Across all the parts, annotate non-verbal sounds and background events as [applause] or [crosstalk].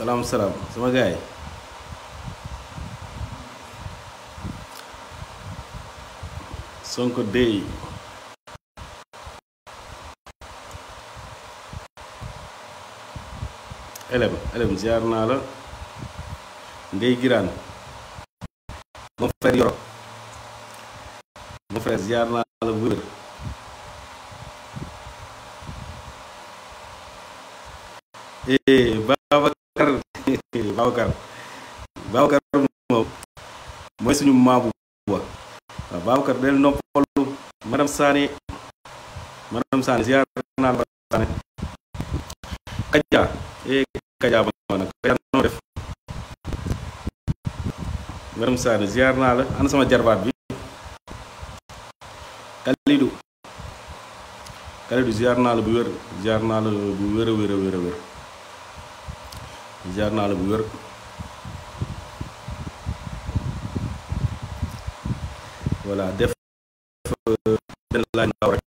salaam salaam sama gaay Sonko dey elem elem ziar naa la ndey giraan mon Yoro mon ziar naa la bu wér eh babakar mo moy suñu maabu wa babakar del noppalu madam sani madam Sané ziar naa la Sané Kaja eh Kaja ba ma nag no def madam Sané ziar la ana sama jarbat bi kalidu kalidu ziar naa la bu wer ziar naa la bu wer wer wer wer ziar la bu wer voilà def ben la ndaw rek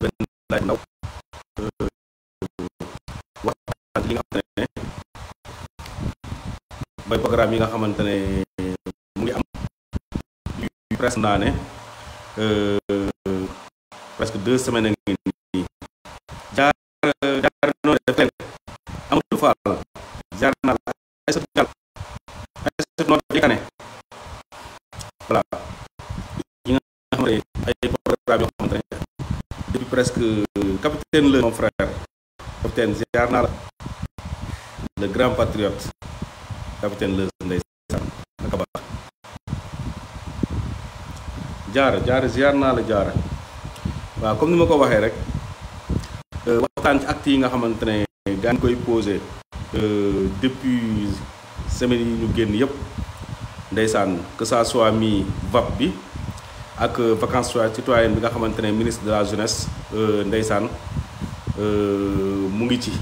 Ben la ndaw Waat li nga xamante Bay programme yi nga xamantene mu ngi am presque naa ne presque 2 semaines ngi ni. jaar jaar no def leen Amadou Fall jaar naa la ay sëb gal ay sëb noonu voilà ñi nga xamante ne ay programme yoo xamante ne depuis presque euh, capitaine la mon frère capitaine ziar naa la le grand patriote capitaine la ndeysaan naka baax jaara jaara naa la jaara waaw comme ni ma ko waxee rek euh, waxtaan ci actes yi nga xamante ne gaa ngi koy posé euh, depuis semaines yi ñu génn yëpp ndeysaan que ça soit mi VAP bi ak euh, vacances citoyennes bi nga xamante ne ministre de la jeunesse euh, ndeysaan euh, mu ngi ci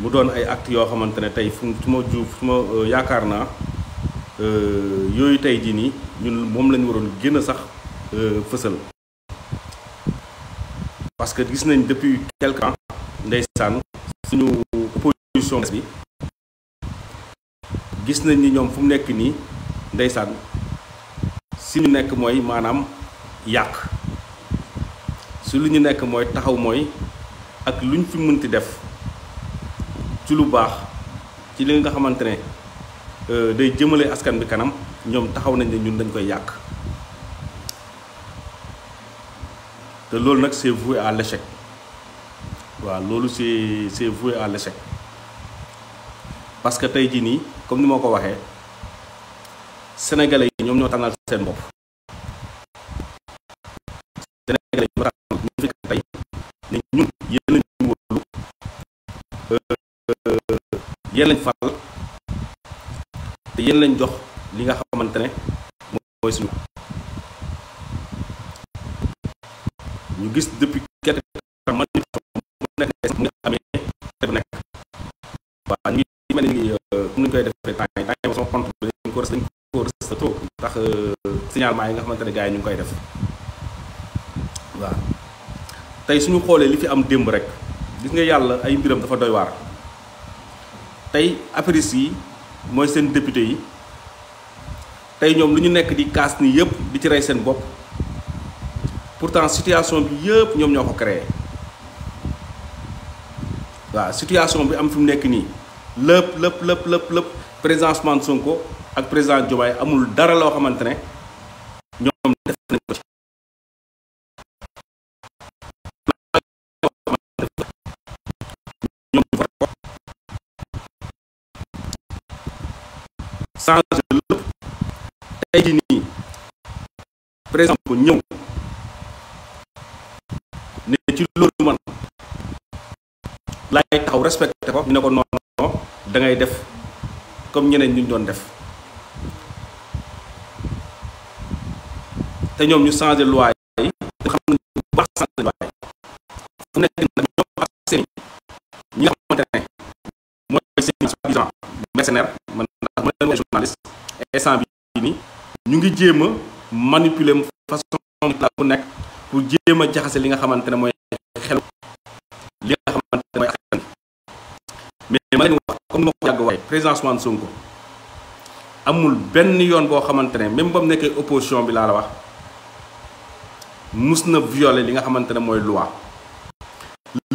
mu doon ay actes yoo xamante ne tey fu su ma ju su ma yaakaar naa yooyu tey jii nii ñun moom la ñu waroon gën a sax fësal parce que gis nañ depuis quelque temps ndeysaan suñu opposition bi gis nañ ni ñoom fu mu nekk nii ndeysaan si nekk mooy maanaam yàq si lu ñu nekk mooy taxaw mooy ak lu ñu fi mënti def ci lu baax ci li nga xamante ne euh, day jëmale askan bi kanam ñoom taxaw nañ ne ñun dañ koy yàq te loolu nag c'est voué à l'échec waaw loolu c'est c'est voué à l'échec parce tey jii nii. comme ni moo ko waxee sénégalais yi ñoom ñoo tànnal seen bopp sénégalais yi ñoo tànnal ñu fi tey ne ñun yéen lañ ñu wóolu lañ faral te yéen lañ jox li nga xamante ne mooy ñu gis depuis quelque temps man mu nekk nekk waaw ñu ngi mel ni ndax euh, signalement yi nga xamante ne gars yi ñu ngi koy def waaw tey suñu xoolee li fi am démb rek gis nga yàlla ay mbiram dafa doy waar tey apéris yi mooy seen député yi tey ñoom lu ñu nekk di kaas ni yëpp di ci rey seen bopp pourtant situation bi yëpp ñoom ñoo ko créé waaw situation bi am fi mu nekk nii lëpp lëpp lëpp lépp lépp président Ousmane Sonko ak président Diomaye amul dara loo xamante ne ñoom def nañ ko ci ñoom tey jii nii président bu ñëw ne ci loolu man laay taxaw respecté ko ñu ne ko non non da ngay def comme ñeneen ñu doon def te ñoom ñu changé loi yi xam nañ bu baax changé loi yi fu nekk nag mooy seen soi mercenaire man ndax ma journaliste instant nii ñu ngi jéem a manipuler façon la bu nekk pour jéem a jaxase li nga xamante ne mooy xelu li nga xamante ne mooy askan mais ma leen wax comme ni ma ko yàgg waaye président Ousmane Sonko amul benn yoon boo xamante ne même ba mu nekkee opposition bi laa la wax mus na violer li nga xamante ne mooy loi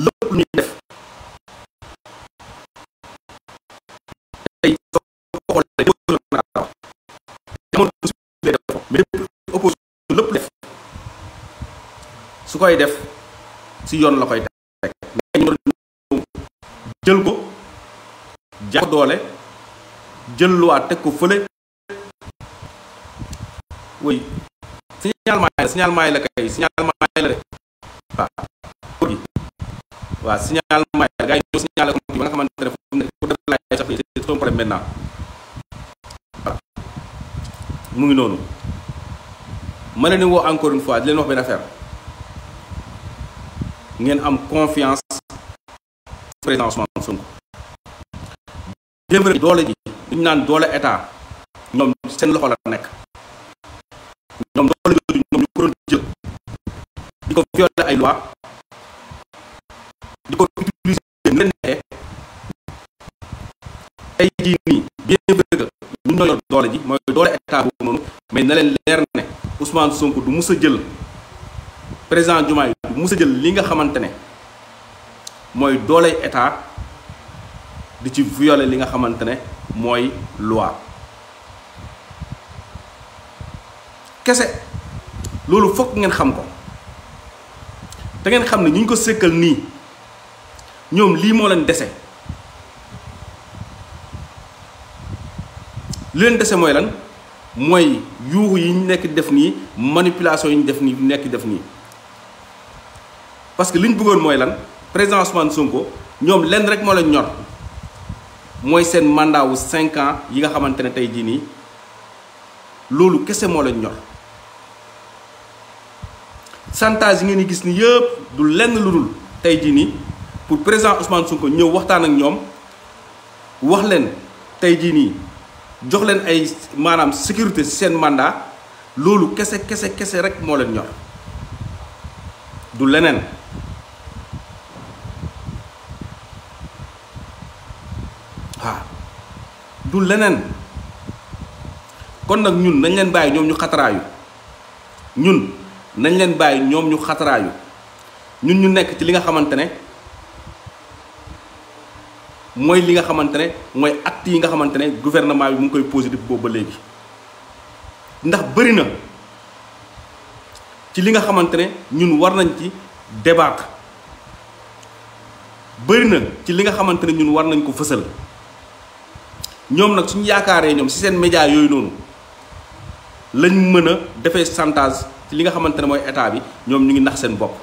lépp lu ñuy def tey soo def ko mais lépp koy def si yoon la koy teg jël ko jaaxal doole jël loi teg ko fële oui signal maay la signal maay la kay signal maay la wa waaw wa signal maay la gars yi signal ko ba nga xamante ne fu mu nekk pour def laay sax c'est trop problème maintenant mu ngi nonu ma ni wo encore une fois di leen wax ben affaire ngeen am confiance présence man Sonko démb doole ji ñu nane doole état ñom seen loxo la nek ñom di ko violer ay loi di ko utiliser nu leen neexee tey jii nii bien vrai que ñun ñoo yor doole ji mooy doole état boobu noonu mais na leen leer ne Ousmane Sonko du mus a jël président Diomaye du mus a jël li nga xamante ne mooy doole état di ci violer li nga xamante ne mooy loi kese loolu fokk ngeen xam ko da ngeen xam ne ñu ñu ko sëkkal nii ñoom lii moo leen dese li leen dese mooy lan mooy yuuxu yi ñu nekk def nii manipulation yi ñu def nii nekk def nii parce que li ñu bëggoon mooy lan président Ousmane Sonko ñoom lenn rek moo leen ñor mooy seen mandat cinq ans yi nga xamante ne tey jii nii loolu kese moo leen ñor santage ngeen di gis ni yëpp du lenn lu tay ji ni pour président Ousmane Sonko ñëw waxtaan ak ñom wax len tay ji ni jox len ay manam sécurité sen mandat lolu kese kese kese rek mo len ñor du lenen ha du lenen kon nak ñun nañ len ñom ñu ñun. nañ leen bàyyi ñoom ñu xataraayu ñun ñu nekk ci li nga xamante ne mooy li nga xamante ne mooy acte yi nga xamante ne gouvernement bi mu ngi koy positif boobu ba léegi ndax bëri na ci li nga xamante ne ñun war nañ ci débattre bëri na ci li nga xamante ne ñun war nañ ko fësal ñoom nag suñu yaakaaree ñoom ci seen média yooyu noonu lañ mën a defee chantage ci li nga xamante ne mooy état bi ñoom ñu ngi nax seen bopp.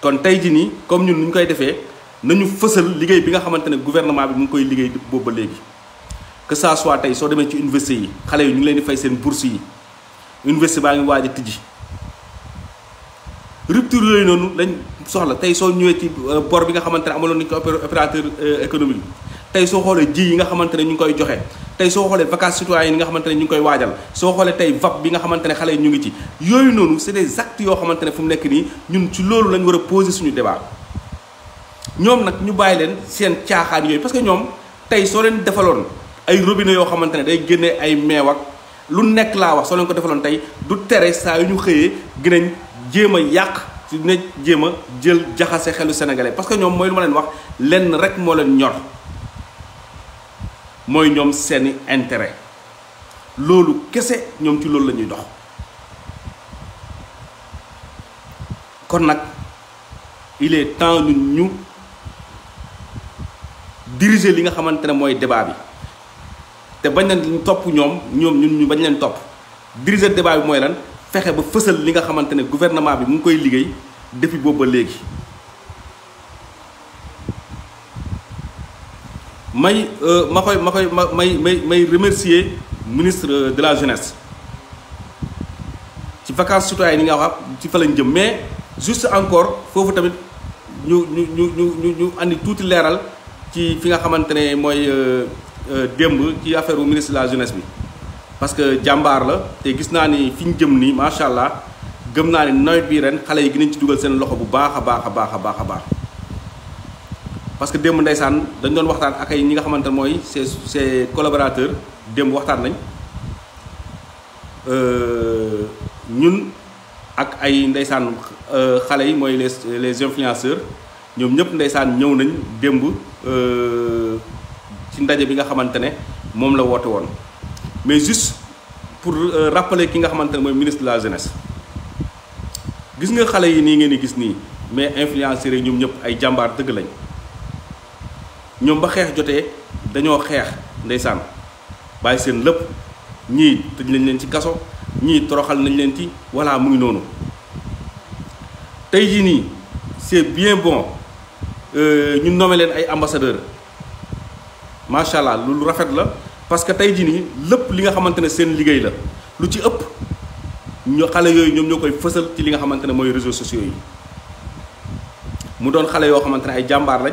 kon tey jii nii comme ñun nu ñu koy defee nañu fësal liggéey bi nga xamante ne gouvernement bi mu ngi koy liggéey boobu ba léegi que saa soit tey soo demee ci université yi xale yi ñu ngi leen di fay seen bourse yi université baa ngi waaj a tijji. rupture yooyu noonu lañ soxla tey soo ñëwee ci euh, bor bi nga xamante ne amaloon nañ ko opérateur euh, économique tey soo xoolee ji yi nga xamante ne ñu ngi koy joxe tey soo xoolee vacances citoyennes yi nga xamante ñu ngi koy waajal soo xoolee tey VAP bi nga xamante ne xale ñu ngi ci yooyu noonu c'est des actes yoo xamante ne fu mu ñun ci loolu lañ war a poser suñu débat ñoom nag ñu bàyyi leen seen caaxaan yooyu parce que ñoom tey soo leen defaloon ay robinet yoo xamante ne day génnee ay meew ak lu nekk laa wax soo leen ko defaloon tey du tere saa yu ñu xëyee ginañ jéem a yàq dinañ jéem a jël jaxase xelu sénégalais parce que ñoom mooy lu ma leen wax lenn rek moo leen ñor mooy ñoom seeni intérêt loolu kese ñoom ci loolu la ñuy dox kon nag il est temps ñun ñu diriger li nga xamante ne mooy débat bi te bañ leen topp ñoom ñoom ñun ñu bañ leen topp diriger débat bi mooy lan fexe ba fësal li nga xamante ne gouvernement bi mu ngi koy liggéey depuis booba léegi may euh, ma koy ma koy ma may may may remercier ministre de la jeunesse ci vacances citoyennes yi nga wax ci fa lañ jëm mais juste encore foofu tamit ñu ñu ñu ñu ñu andi tuuti leeral ci fi nga xamante ne mooy euh, euh, démb ci affaire u ministre de la jeunesse bi parce que jàmbaar la te gis naa ni fi ñu jëm nii macha allah gëm naa ni nawet bi ren xale yi gën nañ ci dugal seen loxo bu a baax a baax a baax a baax parce que démb ndaysan dañ doon waxtaan ak ay ñi nga xamante moy ses ses collaborateurs démb waxtaan nañ euh ñun ak ay ndeysaan euh, xalé yi moy les les influenceurs ñom ñep ndaysan ñew nañ euh ci ndaje bi nga xamantene mom la woote won mais juste pour euh, rappeler ki nga xamantene moy ministre de la jeunesse gis nga xalé yi ni ngeen ni gis ni mais influenceurs ñom ñep ay jambar deug lañ ñoom ba xeex jotee dañoo xeex ndeysaan bàyyi seen lëpp ñii tëj nañ leen ci kaso ñii toroxal nañ leen ci voilà mu ngi noonu tey jii nii c'est bien bon euh, ñu nommé leen ay ambassadeur macha allah lu rafet la parce que tey jii nii lépp li nga xamante ne seen liggéey la lu ci ëpp ñu xale yooyu ñoom ñoo koy fësal ci li nga xamante ne mooy réseaux sociaux yi mu doon xale yoo xamante ne ay jàmbaar lañ.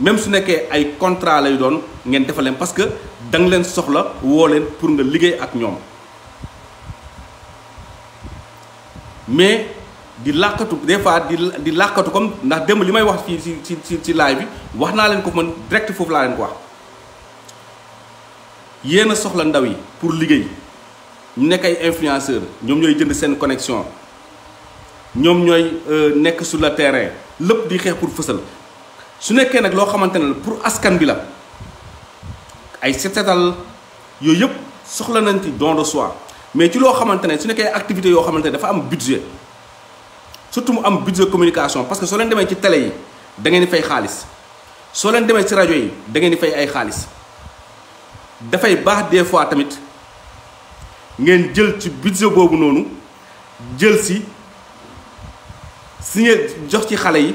même su nekkee ay contrat lay doon ngeen defal leen parce que da nga leen soxla woo leen pour nga liggéey ak ñoom mais di làkkatu des fois di di làkkatu comme ndax démb li may wax ci ci ci ci ci live bi wax naa leen ko man direct foofu laa leen ko wax yéen a soxla ndaw yi pour liggéey ñu nekk ay influenceur ñoom ñooy jënd seen connexion ñoom ñooy euh, nekk su le terrain lépp di xeex pour fësal su nekkee nag loo xamante ne la pour askan bi la ay setetal yooyu yëpp soxla nañ ci don de soi mais ci loo xamante ne su nekkee activité yoo xamante ne dafa am budget surtout mu am budget communication parce que soo leen demee ci télé yi da ngeen di fay xaalis soo leen demee ci rajo yi da ngeen di fay ay xaalis dafay baax des fois tamit ngeen jël ci budget boobu noonu jël si si ngeen jox ci xale yi.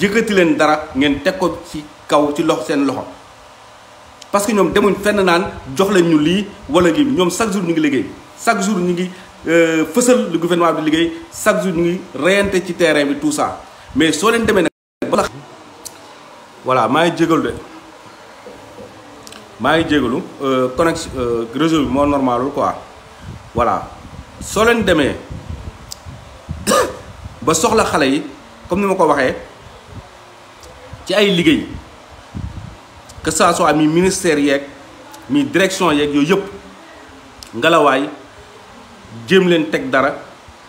yëkkati leen dara ngeen teg ci kaw ci parce que nous demuñ fenn naan jox leen ñu lii wala chaque jour ñu ngi liggéey chaque jour ñu ngi euh, le gouvernement bi chaque jour terrain bi tout ça mais soo leen voilà maa ngi euh, connexion euh, quoi voilà leen [coughs] ba soxla yi comme ni ci ay liggéey que ça soit mi ministère yeeg mi direction yeeg yooyu yëpp ngelawaay jéem leen teg dara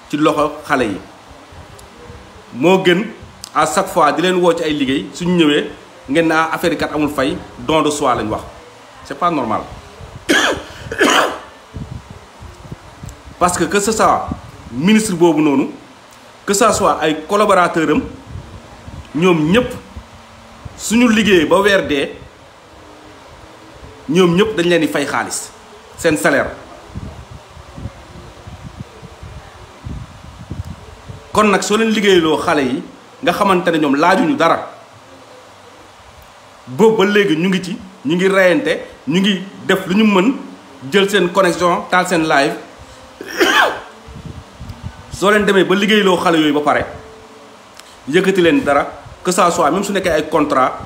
ci loxo xale yi moo gën à chaque fois di leen woo ci ay liggéey suñu ñëwee ngeen naa ah affaire kat amul fay don de soi lañ wax c'est pas normal [coughs] parce que que soit ministre boobu noonu que ça soit ay collaborateurs am ñoom ñëpp. suñu liggéey ba weer dee ñoom ñëpp dañ leen di fay xaalis seen salaire kon nag soo leen liggéeyloo xale yi nga xamante ne ñoom laajuñu dara boobu ba léegi ñu ngi ci ñu ngi reyante ñu ngi def lu ñu mën jël seen connexion taal seen live [coughs] soo leen demee ba liggéeyloo xale yooyu ba pare yëkkati leen dara. que ça soit même su nekkee ay contrat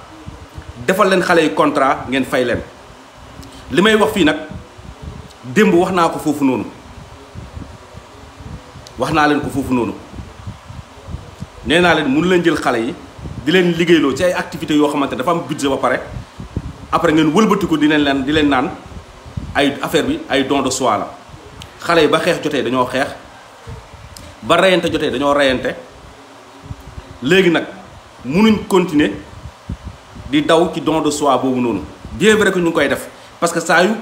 defal leen xale yi contrat ngeen fay leen li may wax fii nag démb wax naa ko foofu noonu wax naa leen ko foofu noonu nee naa leen munu leen jël xale yi di leen liggéeyloo ci ay activités yoo xamante dafa am budget ba pare après ngeen wëlbati ko di leen leen di leen naan ay affaire bi ay don de soi la xale yi ba xeex jotee dañoo xeex ba reyante jotee dañoo reyante léegi nag munuñ continuer di daw ci don de soi boobu noonu bien vrai que ñu ngi koy def parce que saa yu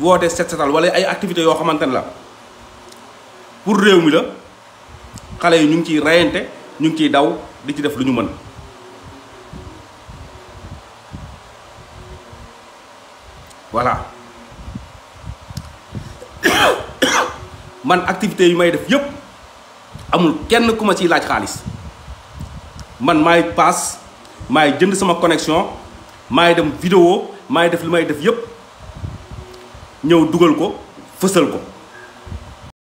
wootee set setal wala ay activités yoo xamante ne la pour réew mi la xale yi ñu ngi ciy reyante ñu ngi ciy daw di ci def lu ñu mën. voilà [coughs] man activité yu may def yépp amul kenn ku ma ciy laaj xaalis. man maay paas maay jënd sama connexion maay dem vidéo maay def li may def yépp ñëw dugal ko fësal ko